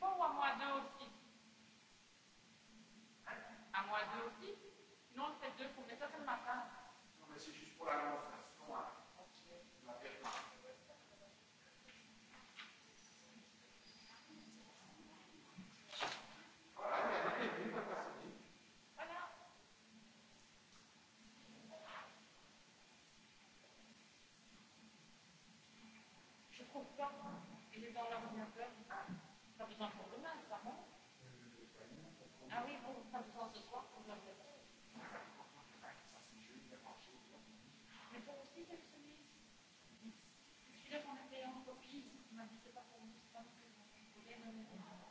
Pourquoi moi deux aussi Hein À moi deux aussi Non, c'est deux pour mettre ça, c'est le matin. Non, mais c'est juste pour la démonstration. Hein. Ok. La permanence. Je trouve pas les impôts demain, ça remonte. Ah oui, vous, pas besoin ce soir, vous l'avez fait. Mais pour aussi, c'est le semis. Celui-là qu'on a fait en copie, il m'a dit c'est pas pour nous, c'est pas nous que vous voulez, non, non, non.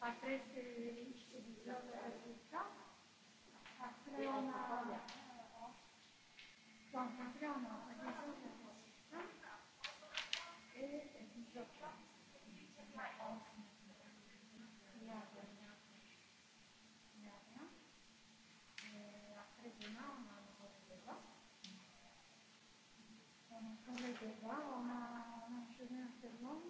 après c'est, je te disais, avec ça. Après on a, donc après on a regardé le système et les autres. Il y a rien. Il y a rien. Et après demain on a un gros débat. On a un gros débat, on a, on a enchaîné un peu de monde.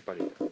municipalidad.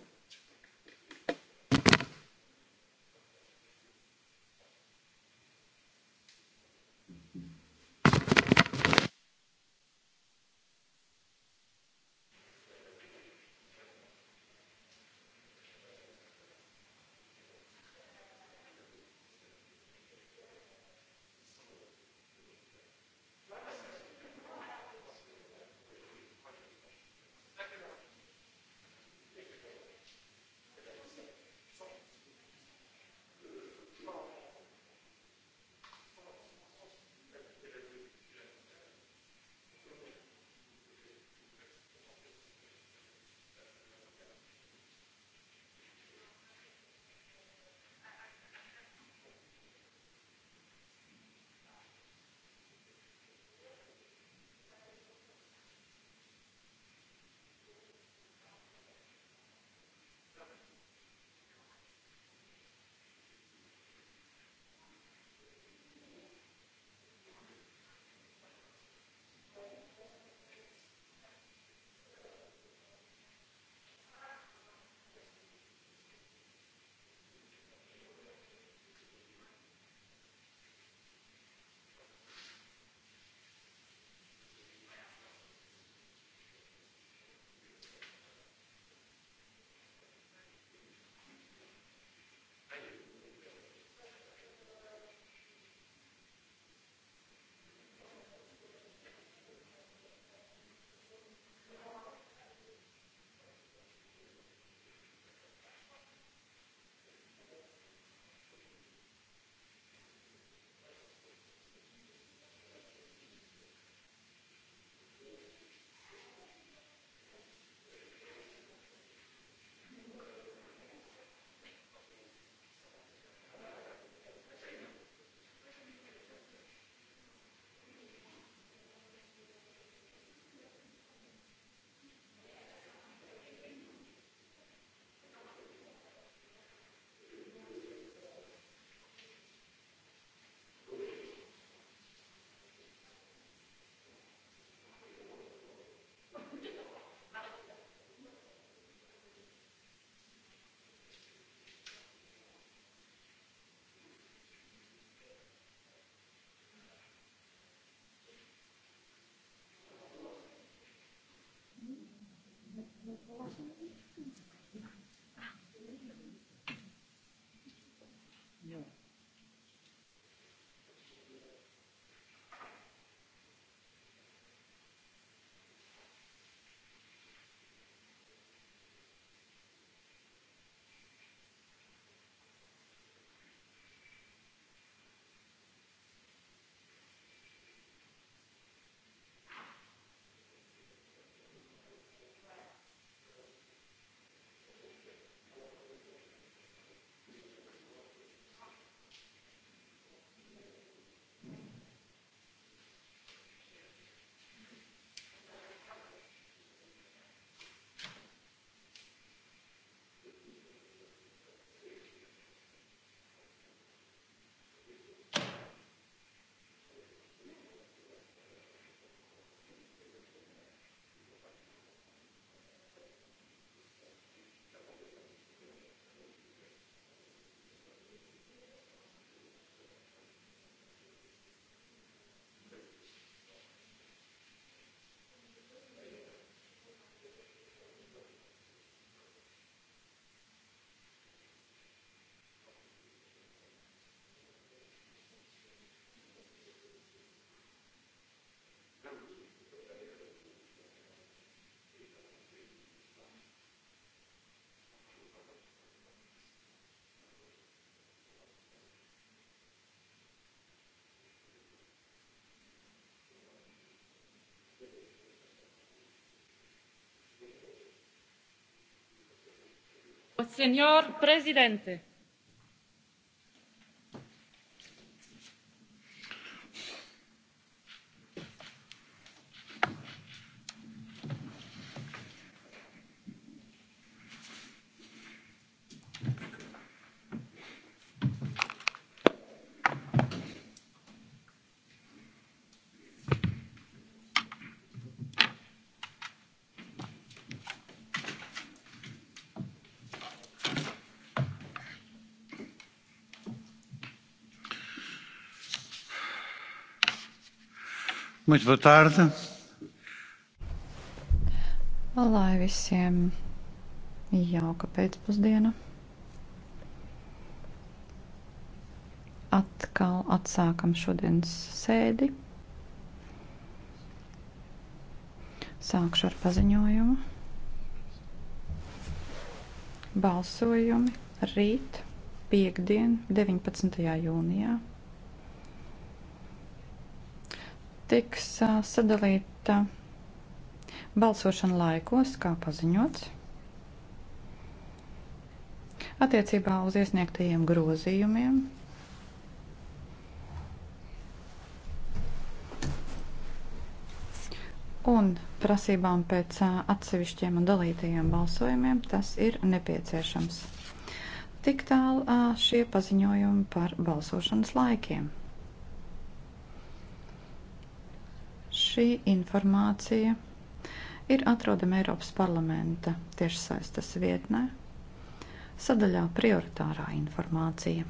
señor presidente Muito boa tarde. Lai visiem jauka pēcpusdiena. Atkal atsākam šodienas sēdi. Sākšu ar paziņojumu. Balsojumi rīt, piekdien, 19. jūnijā. tiks sadalīta balsošana laikos, kā paziņots. Attiecībā uz iesniegtajiem grozījumiem un prasībām pēc atsevišķiem un dalītajiem balsojumiem tas ir nepieciešams. Tik tālu šie paziņojumi par balsošanas laikiem. Šī informācija ir atrodama Eiropas parlamenta tiešsaistes vietnē, sadaļā prioritārā informācija.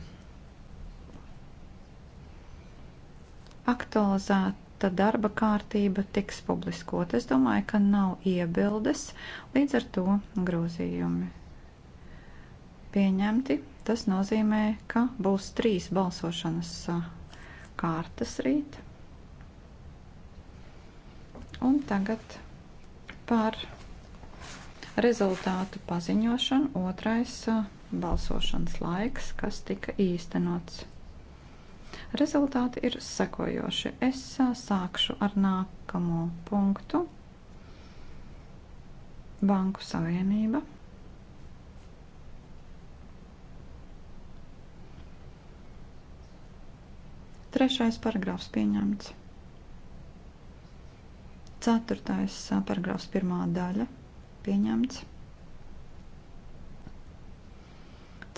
Aktualizēta darba kārtība tiks publiskot. Es domāju, ka nav iebildes, līdz ar to grozījumi pieņemti. Tas nozīmē, ka būs trīs balsošanas kārtas rīt. Un tagad par rezultātu paziņošanu otrais uh, balsošanas laiks, kas tika īstenots. Rezultāti ir sekojoši. Es uh, sākšu ar nākamo punktu. Banku savienība. Trešais paragrāfs pieņemts. Ceturtais paragrāfs pirmā daļa pieņemts.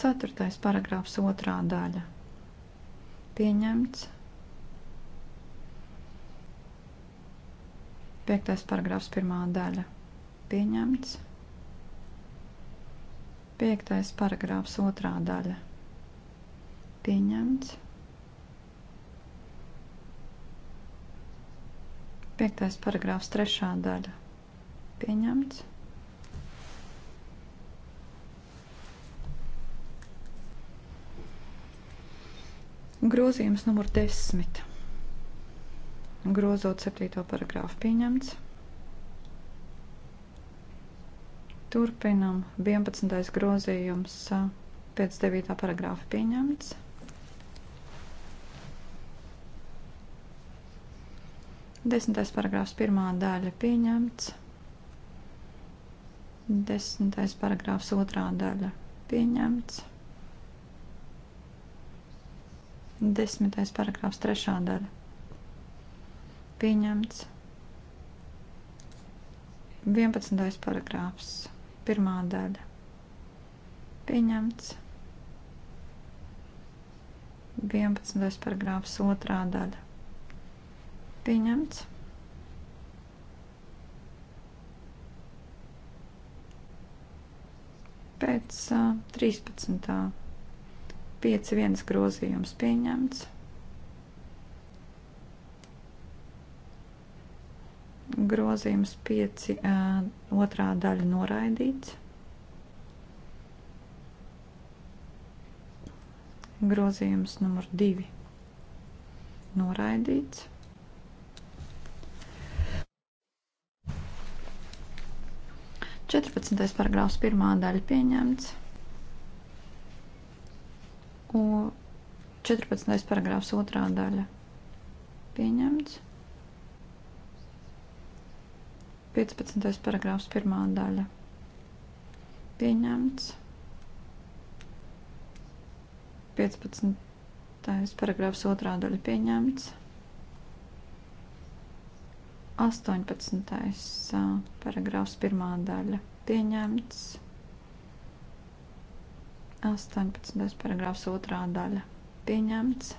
Ceturtais paragrāfs otrā daļa pieņemts. Piektais paragrāfs pirmā daļa pieņemts. Piektais paragrāfs otrā daļa pieņemts. Piektais paragrāfs trešā daļa. Pieņemts. Grozījums numur 10. Grozot 7. paragrāfu pieņemts. Turpinam 11. grozījums pēc 9. paragrāfa pieņemts. Desmitais paragrāfs pirmā daļa pieņemts. Desmitais paragrāfs otrā daļa pieņemts. Desmitais paragrāfs trešā daļa pieņemts. Vienpadsmitais paragrāfs pirmā daļa pieņemts. 11. paragrāfs 2. daļa Pieņemts. Pēc uh, 13. 5.1 grozījums pieņemts. Grozījums 5. Uh, otrā daļa noraidīts. grozījums numur 2 noraidīts. 14. paragrāfs pirmā daļa pieņemts. Un 14. paragrāfs otrā daļa pieņemts. 15. paragrāfs pirmā daļa pieņemts. 15. paragrāfs otrā daļa pieņemts. 18. paragrāfs pirmā daļa pieņemts. 18. paragrāfs otrā daļa pieņemts.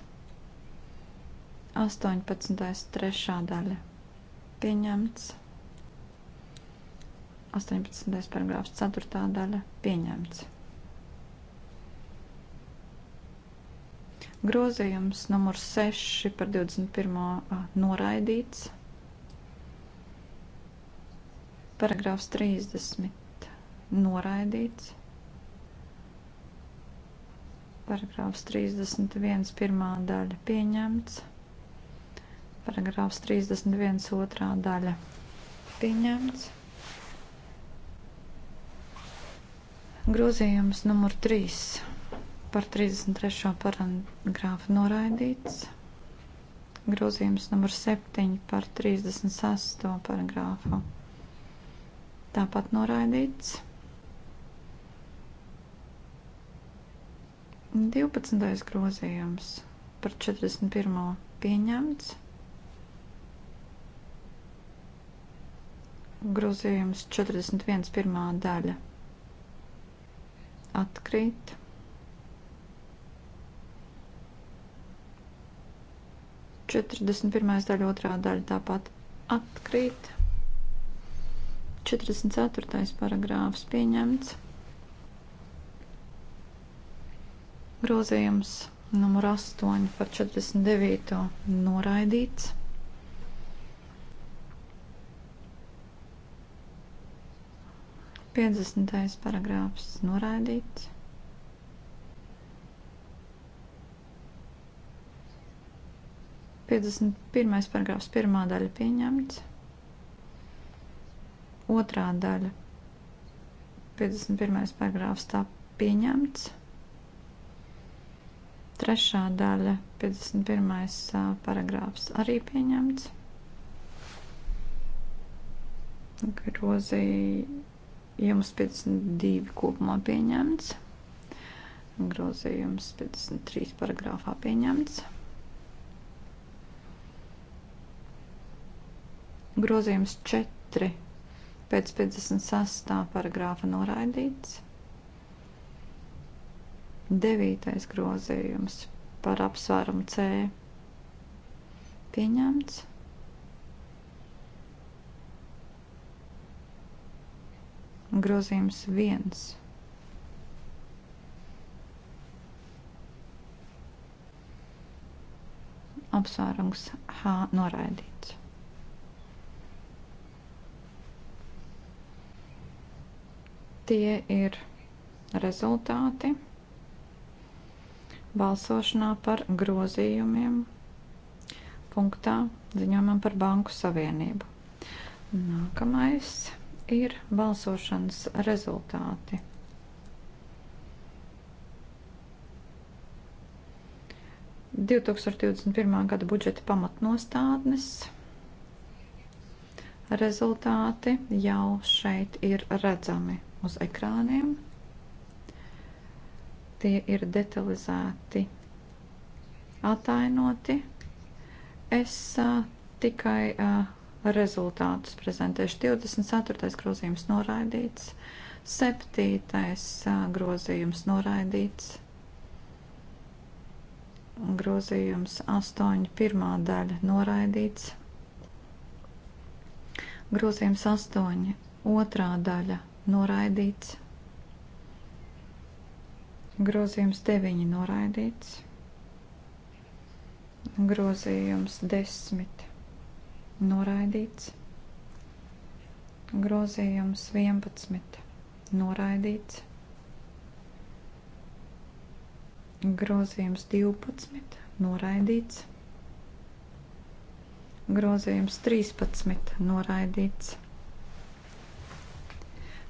18. trešā daļa pieņemts. 18. paragrāfs ceturtā daļa pieņemts. Grozījums numur 6 par 21. noraidīts. Paragrāfs 30 noraidīts. Paragrāfs 31 pirmā daļa pieņemts. Paragrāfs 31 otrā daļa pieņemts. Grozījums numur 3 par 33. paragrāfu noraidīts. Grozījums numur 7 par 36. paragrāfu Tāpat noraidīts. 12. grozījums par 41. pieņemts. Grozījums 41. pirmā daļa atkrīt. Četrdesmit pirmais daļa, otrā daļa tāpat atkrīt. 44. paragrāfs pieņemts. Grozījums numur 8 par 49. noraidīts. Piedzesmitais paragrāfs noraidīts. Piedzesmit pirmais paragrāfs pirmā daļa pieņemts. Otrā daļa. 51. paragrāfs tā pieņemts. Trešā daļa. 51. paragrāfs arī pieņemts. Grozījums 52 kopumā pieņemts. Grozījums 53 paragrāfā pieņemts. Grozījums 4 pēc 56. paragrāfa noraidīts. 9. grozījums par apsvērumu C pieņemts. Grozījums 1. Apsvērums H noraidīts. Tie ir rezultāti balsošanā par grozījumiem punktā ziņojumam par Banku Savienību. Nākamais ir balsošanas rezultāti. –2021. gada budžeta pamatnostādnes rezultāti jau šeit ir redzami uz ekrāniem. Tie ir detalizēti atainoti. Es uh, tikai uh, rezultātus prezentēšu. 24. grozījums noraidīts, 7. Uh, grozījums noraidīts, grozījums 8. pirmā daļa noraidīts grozījums 8, otrā daļa noraidīts. Grozījums 9 noraidīts. Grozījums 10 noraidīts. Grozījums 11 noraidīts. Grozījums 12 noraidīts. Grozījums 13 noraidīts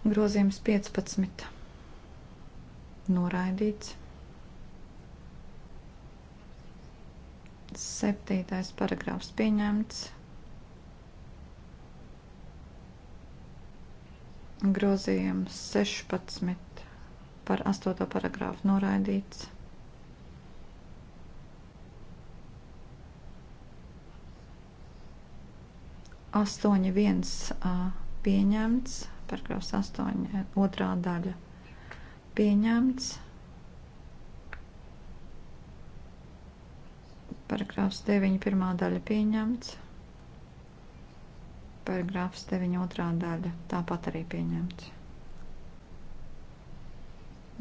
Grozījums 15. Noraidīts. 7. paragrāfs pieņemts. Grozījums 16 par 8. paragrāfu noraidīts. Astoņi viens pieņemts paragrāfs 8, e, otrā daļa. Pieņemts. Paragrāfs 9, pirmā daļa pieņemts. Paragrāfs 9, otrā daļa tāpat arī pieņemts.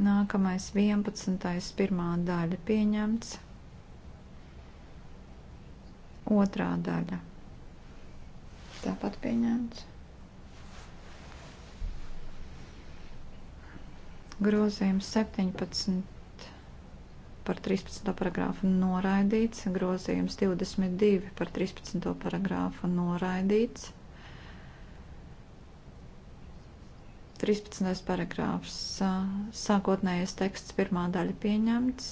Nākamais 11. pirmā daļa pieņemts. Otrā daļa tāpat pieņemts. Grozījums 17 par 13. paragrāfu noraidīts, grozījums 22 par 13. paragrāfu noraidīts. 13. paragrāfs sākotnējais teksts pirmā daļa pieņemts,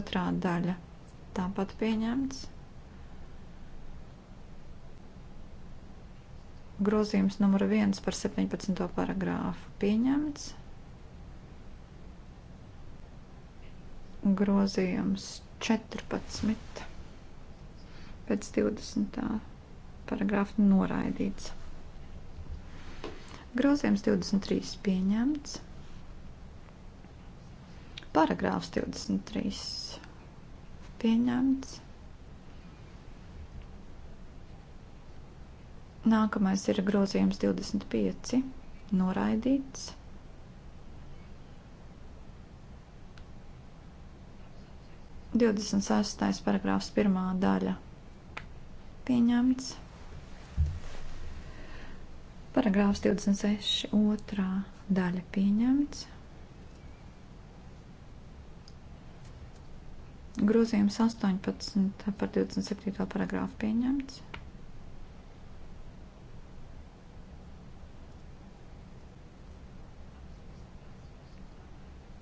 otrā daļa tāpat pieņemts. grozījums numur 1 par 17. paragrāfu pieņemts. grozījums 14 pēc 20. paragrāfa noraidīts. Grozījums 23 pieņemts. Paragrāfs 23 pieņemts. Nākamais ir grozījums 25 noraidīts. 26. paragrāfs pirmā daļa pieņemts. Paragrāfs 26. otrā daļa pieņemts. Grozījums 18 par 27. paragrāfu pieņemts.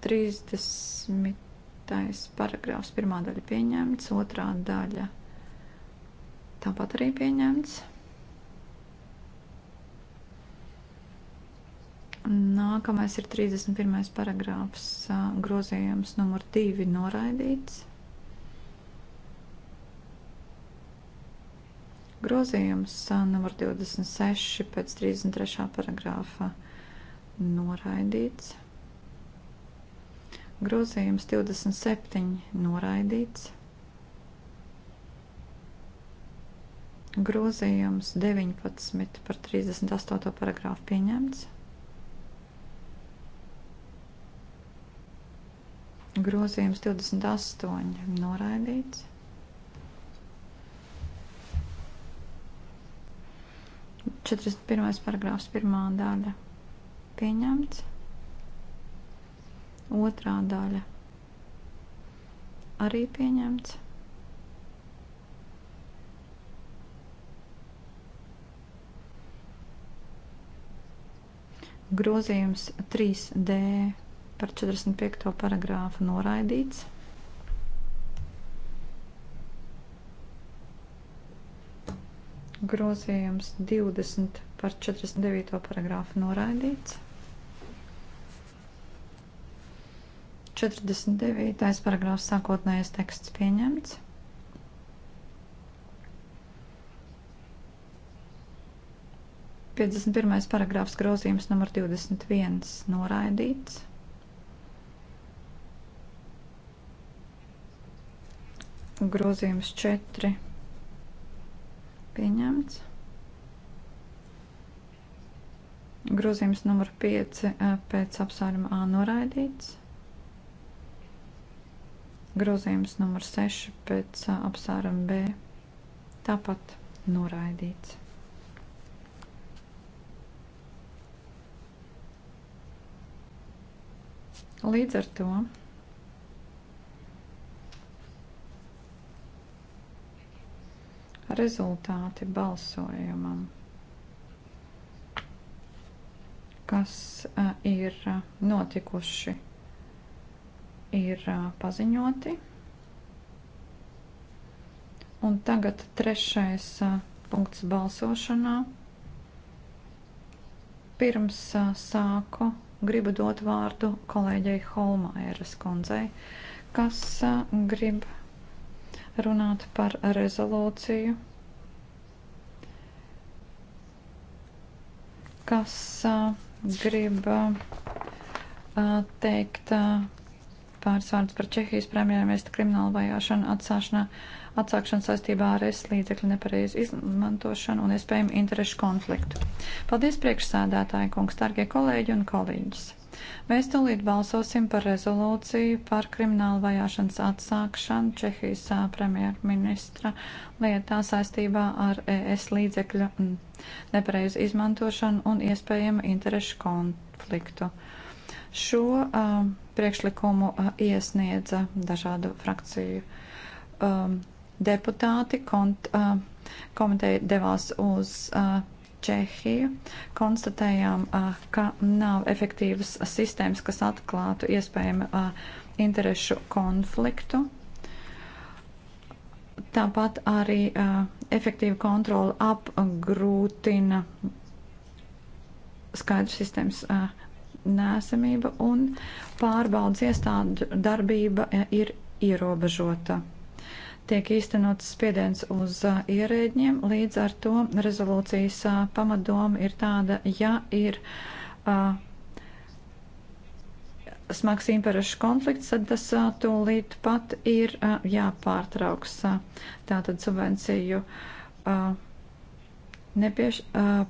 Trīsdesmit paragrāfs. Pirmā daļa pieņemts, otrā daļa tāpat arī pieņemts. Nākamais ir 31. paragrāfs grozījums numur 2 noraidīts. Grozījums numur 26 pēc 33. paragrāfa noraidīts. Grozījums 27 noraidīts. Grozījums 19 par 38. paragrāfu pieņemts. Grozījums 28 noraidīts. Četrdesmit pirmais paragrāfs pirmā daļa pieņemts. Otrā daļa arī pieņemts. Grozījums 3D par 45. paragrāfu noraidīts. grozījums 20 par 49. paragrāfu noraidīts. 49. paragrāfs sākotnējais teksts pieņemts. Piecdesmit pirmais paragrāfs grozījums numur 21 noraidīts. Grozījums 4 pieņemts. Grozījums numur 5 eh, pēc apsvēruma A noraidīts. Grozījums numur 6 pēc apsārama B tāpat noraidīts. Līdz ar to rezultāti balsojumam, kas ir notikuši ir paziņoti. Un tagad trešais punkts balsošanā. Pirms sāku, gribu dot vārdu kolēģei Holma Eiras kundzei, kas grib runāt par rezolūciju, kas grib teikt pāris vārdus par Čehijas premjerministra kriminālu vajāšanu atsāšanā, atsākšanu saistībā ar es līdzekļu nepareizu izmantošanu un iespējumu interešu konfliktu. Paldies priekšsēdētāji, kungs, targie kolēģi un kolēģis! Mēs tūlīt balsosim par rezolūciju par kriminālu vajāšanas atsākšanu Čehijas premjerministra lietā saistībā ar ES līdzekļu nepareizu izmantošanu un iespējamu interešu konfliktu. Šo um, priekšlikumu iesniedza dažādu frakciju um, deputāti. Kont, uh, komiteja devās uz uh, Čehiju. Konstatējām, uh, ka nav efektīvas sistēmas, kas atklātu iespējamu uh, interešu konfliktu. Tāpat arī uh, efektīva kontrola apgrūtina skaidru sistēmas uh, nēsamība un pārbaudas iestādu darbība e, ir ierobežota. Tiek īstenots spiediens uz e, ierēģiem, līdz ar to rezolūcijas e, pamatdoma ir tāda, ja ir uh, smags interešu konflikts, tad tas tūlīt pat ir jāpārtrauks. Tātad subvenciju nepieš,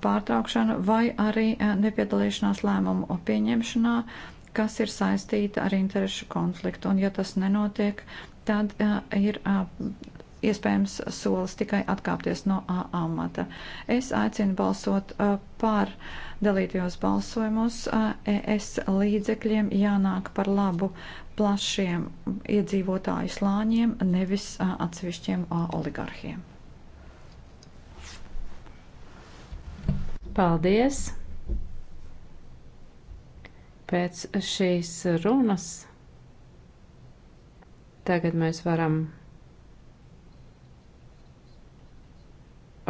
pārtraukšanu vai arī nepiedalīšanās lēmumu pieņemšanā, kas ir saistīta ar interešu konfliktu. Un ja tas nenotiek, tad ir iespējams solis tikai atkāpties no A amata. Es aicinu balsot par dalītajos balsojumus. ES līdzekļiem jānāk par labu plašiem iedzīvotāju slāņiem, nevis atsevišķiem oligarhiem. Paldies! Pēc šīs runas tagad mēs varam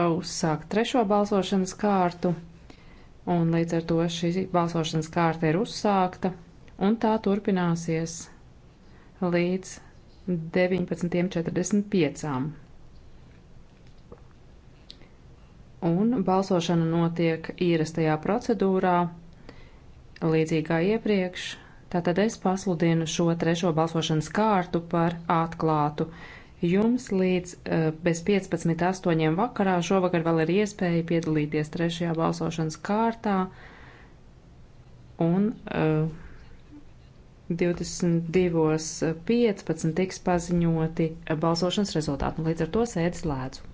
uzsākt trešo balsošanas kārtu, un līdz ar to šī balsošanas kārta ir uzsākta, un tā turpināsies līdz 19.45. un balsošana notiek ierastajā procedūrā, līdzīgā iepriekš. Tātad es pasludinu šo trešo balsošanas kārtu par atklātu. Jums līdz uh, bez 15.08. vakarā šovakar vēl ir iespēja piedalīties trešajā balsošanas kārtā un uh, eh, 22.15 tiks paziņoti balsošanas rezultāti. Līdz ar to sēdes lēdzu.